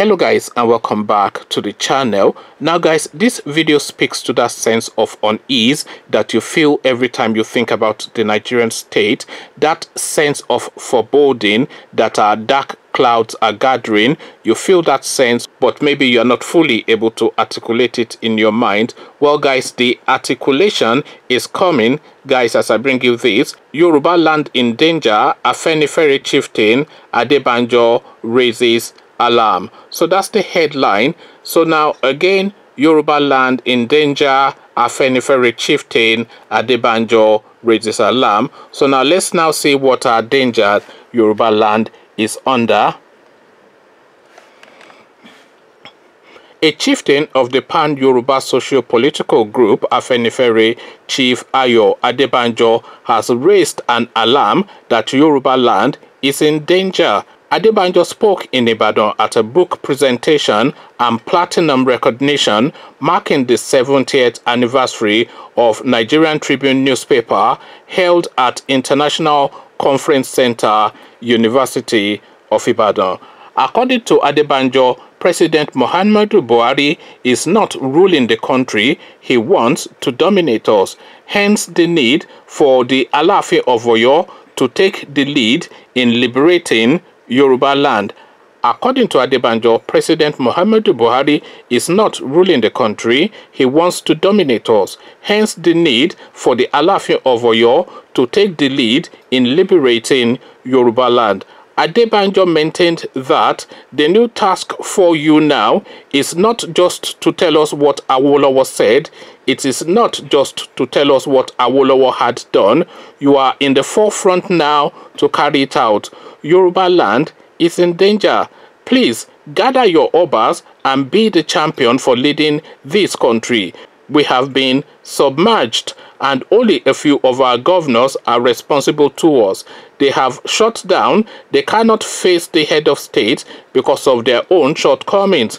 hello guys and welcome back to the channel now guys this video speaks to that sense of unease that you feel every time you think about the nigerian state that sense of foreboding that our dark clouds are gathering you feel that sense but maybe you're not fully able to articulate it in your mind well guys the articulation is coming guys as i bring you this yoruba land in danger afenifere chieftain adebanjo raises alarm so that's the headline. So now again, Yoruba land in danger. Afenifere chieftain Adebanjo raises alarm. So now let's now see what our danger Yoruba land is under. A chieftain of the pan Yoruba socio political group, Afenifere Chief Ayo Adebanjo, has raised an alarm that Yoruba land is in danger Adebanjo spoke in Ibadan at a book presentation and platinum recognition marking the 70th anniversary of Nigerian Tribune newspaper held at International Conference Center, University of Ibadan. According to Adebanjo, President Muhammadu Buhari is not ruling the country, he wants to dominate us. Hence the need for the Alafi of Oyo to take the lead in liberating Yoruba land. According to Adebanjo, President Muhammadu Buhari is not ruling the country, he wants to dominate us, hence the need for the Alafin of Oyo to take the lead in liberating Yoruba land. Adebanjo maintained that the new task for you now is not just to tell us what Awolowo said, it is not just to tell us what Awolowo had done. You are in the forefront now to carry it out. Yoruba land is in danger. Please gather your obas and be the champion for leading this country. We have been submerged and only a few of our governors are responsible to us. They have shut down, they cannot face the head of state because of their own shortcomings.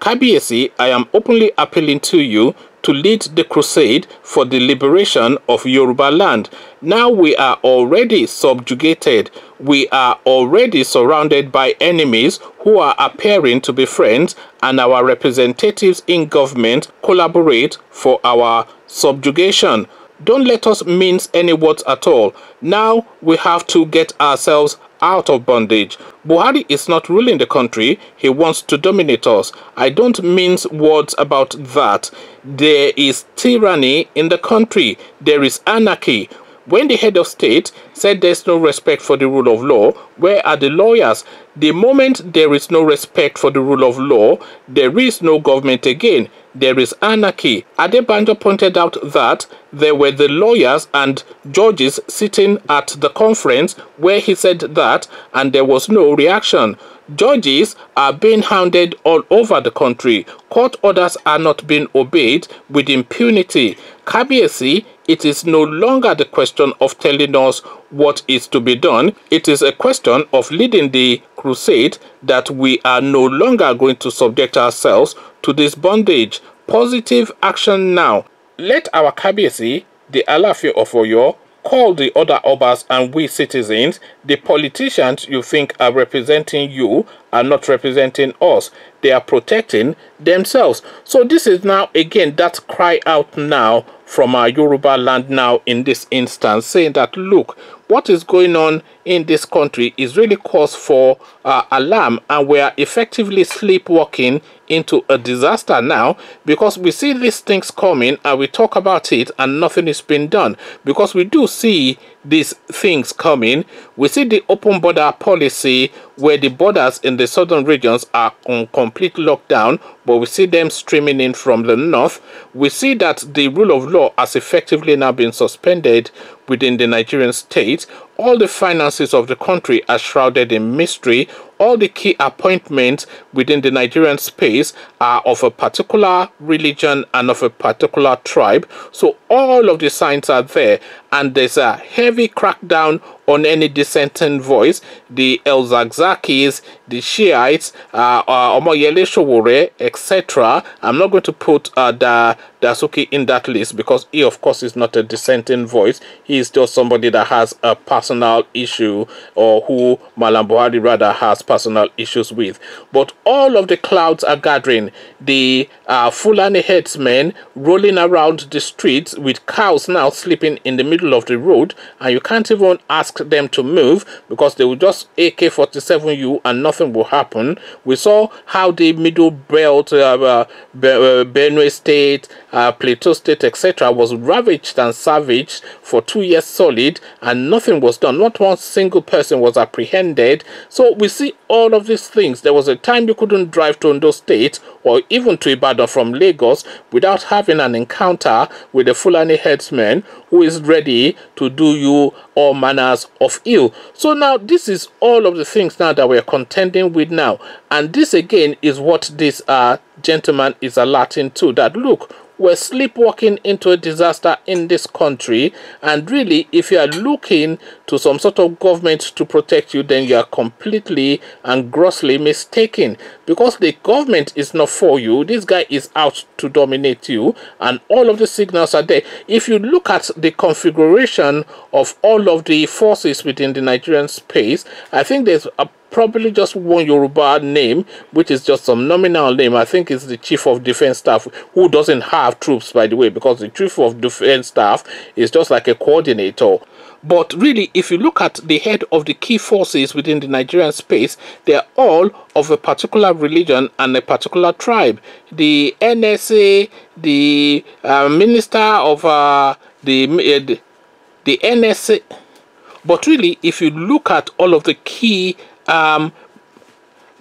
Kabiesi, I am openly appealing to you to lead the crusade for the liberation of Yoruba land. Now we are already subjugated. We are already surrounded by enemies who are appearing to be friends and our representatives in government collaborate for our subjugation. Don't let us mince any words at all. Now we have to get ourselves out of bondage. Buhari is not ruling the country. He wants to dominate us. I don't mince words about that. There is tyranny in the country. There is anarchy. When the head of state said there's no respect for the rule of law, where are the lawyers? The moment there is no respect for the rule of law, there is no government again there is anarchy. Adebanjo pointed out that there were the lawyers and judges sitting at the conference where he said that and there was no reaction. Judges are being hounded all over the country. Court orders are not being obeyed with impunity. Kabiesi, it is no longer the question of telling us what is to be done. It is a question of leading the crusade that we are no longer going to subject ourselves to this bondage. Positive action now. Let our Kabiyesi, the alafio of Oyo, call the other obas and we citizens, the politicians you think are representing you are not representing us. They are protecting themselves. So this is now again that cry out now from our Yoruba land now in this instance saying that look, what is going on in this country is really cause for uh, alarm and we are effectively sleepwalking into a disaster now because we see these things coming and we talk about it and nothing is being done because we do see these things coming we see the open border policy where the borders in the southern regions are on complete lockdown but we see them streaming in from the north we see that the rule of law has effectively now been suspended within the Nigerian state all the finances of the country are shrouded in mystery. All the key appointments within the Nigerian space are of a particular religion and of a particular tribe. So all of the signs are there, and there's a heavy crackdown on any dissenting voice. The El Zagzakis, the Shiites, uh, uh, etc. I'm not going to put uh, da, Dasuki in that list because he, of course, is not a dissenting voice. He is just somebody that has a part personal issue or who Malam Buhari rather has personal issues with. But all of the clouds are gathering. The uh, Fulani headsmen rolling around the streets with cows now sleeping in the middle of the road and you can't even ask them to move because they will just AK-47 you and nothing will happen. We saw how the middle belt, uh, uh, uh Benue State, uh, Plateau State, etc. was ravaged and savaged for two years solid and nothing was was done. Not one single person was apprehended. So we see all of these things. There was a time you couldn't drive to Ondo State or even to Ibadan from Lagos without having an encounter with a Fulani headsman who is ready to do you all manners of ill. So now this is all of the things now that we're contending with now. And this again is what this uh, gentleman is alerting to that look we're sleepwalking into a disaster in this country. And really, if you are looking to some sort of government to protect you, then you are completely and grossly mistaken because the government is not for you. This guy is out to dominate you and all of the signals are there if you look at the configuration of all of the forces within the nigerian space i think there's a probably just one Yoruba name, which is just some nominal name. I think it's the Chief of Defense Staff, who doesn't have troops, by the way, because the Chief of Defense Staff is just like a coordinator. But really, if you look at the head of the key forces within the Nigerian space, they're all of a particular religion and a particular tribe. The NSA, the uh, minister of uh, the, uh, the, NSA. But really, if you look at all of the key um,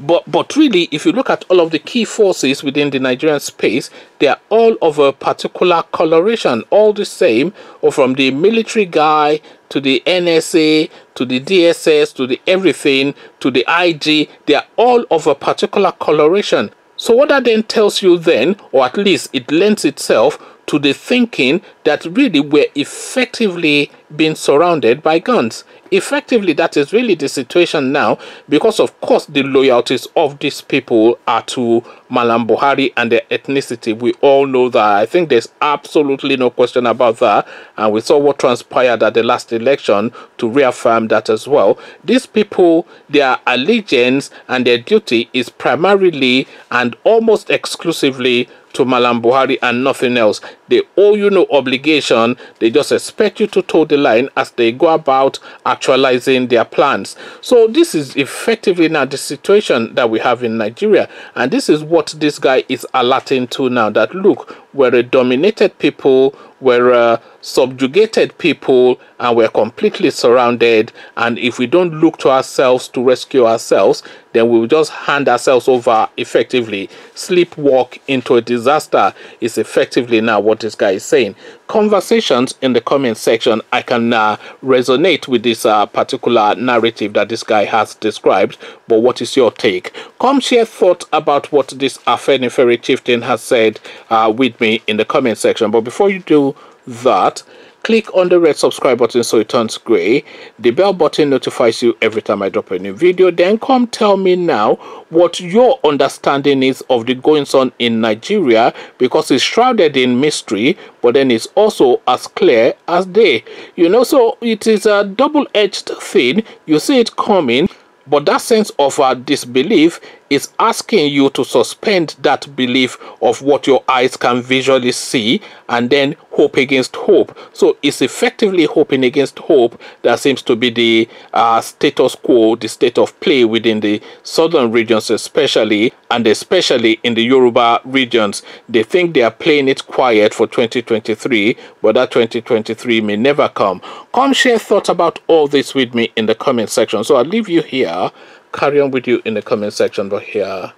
but but really if you look at all of the key forces within the nigerian space they are all of a particular coloration all the same or from the military guy to the nsa to the dss to the everything to the ig they are all of a particular coloration so what that then tells you then or at least it lends itself to the thinking that really we're effectively being surrounded by guns. Effectively, that is really the situation now because, of course, the loyalties of these people are to Malam Buhari and their ethnicity. We all know that. I think there's absolutely no question about that. And we saw what transpired at the last election to reaffirm that as well. These people, their allegiance and their duty is primarily and almost exclusively to Malam Buhari and nothing else. They owe you no obligation. They just expect you to toe the line as they go about actualizing their plans. So this is effectively now uh, the situation that we have in Nigeria. And this is what this guy is alerting to now that look, we're a dominated people, we're a uh, subjugated people, and we're completely surrounded. And if we don't look to ourselves to rescue ourselves, then we will just hand ourselves over effectively. Sleepwalk into a disaster is effectively now what what this guy is saying. Conversations in the comment section, I can uh, resonate with this uh, particular narrative that this guy has described, but what is your take? Come share thoughts about what this Afenifere chieftain has said uh, with me in the comment section. But before you do that, click on the red subscribe button so it turns gray. The bell button notifies you every time I drop a new video. Then come tell me now what your understanding is of the goings on in Nigeria because it's shrouded in mystery but then it's also as clear as day. You know, so it is a double-edged thing. You see it coming but that sense of uh, disbelief is asking you to suspend that belief of what your eyes can visually see and then hope against hope. So it's effectively hoping against hope that seems to be the uh, status quo, the state of play within the southern regions, especially and especially in the Yoruba regions. They think they are playing it quiet for 2023, but that 2023 may never come. Come share thoughts about all this with me in the comment section. So I'll leave you here. Carry on with you in the comment section, but here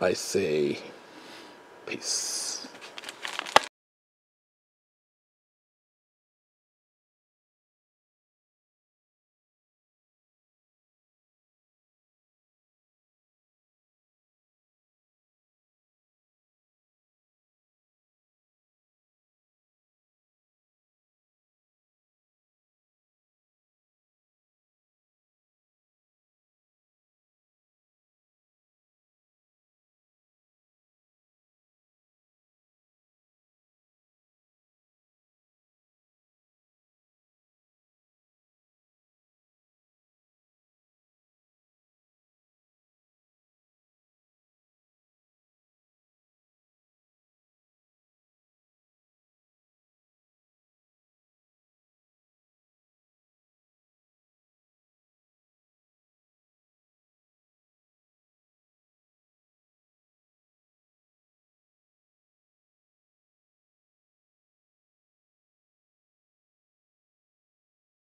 I say peace.